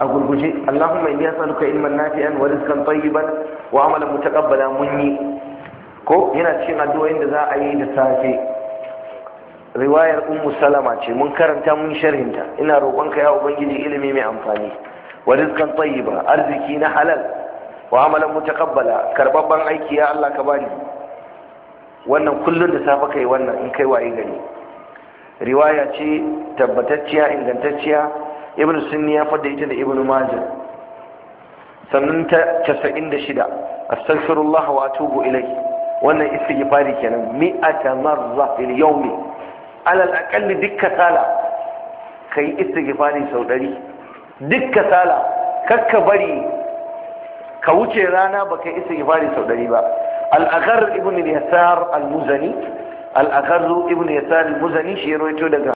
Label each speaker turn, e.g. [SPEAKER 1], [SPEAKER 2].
[SPEAKER 1] a gurguje Allahumma inni as'aluka ilman nafi'an wa rizqan tayyiban wa amalan mutaqabbala mun yi ko yana cikin addu'o'in da za a yi da safe riwayar ummu salama ce mun karanta mun sharhinta ina roƙonka ya ubangiji ilimi mai amfani wa rizqan tayyiba arziki na halal wa amalan mutaqabbala karbabban aiki ya Allah ka bani wannan kullun da safe kai wannan in kai waye gari riwaya ce tabbatacciya ingantacciya ibn sunni ya fada ita da ibn majah sannan ta 96 astaghfirullah wa atubu ilai wannan istighfari kenan mi'ata marra fil yawmi alal aqalli dukka sala kai istighfari sau 100 dukka sala kakka bari ka wuce rana baka istighfari sau 100 ba al-aghar ibn yasar al-muzani al-aghar ibn yasar al-muzani
[SPEAKER 2] shi ya rawaito daga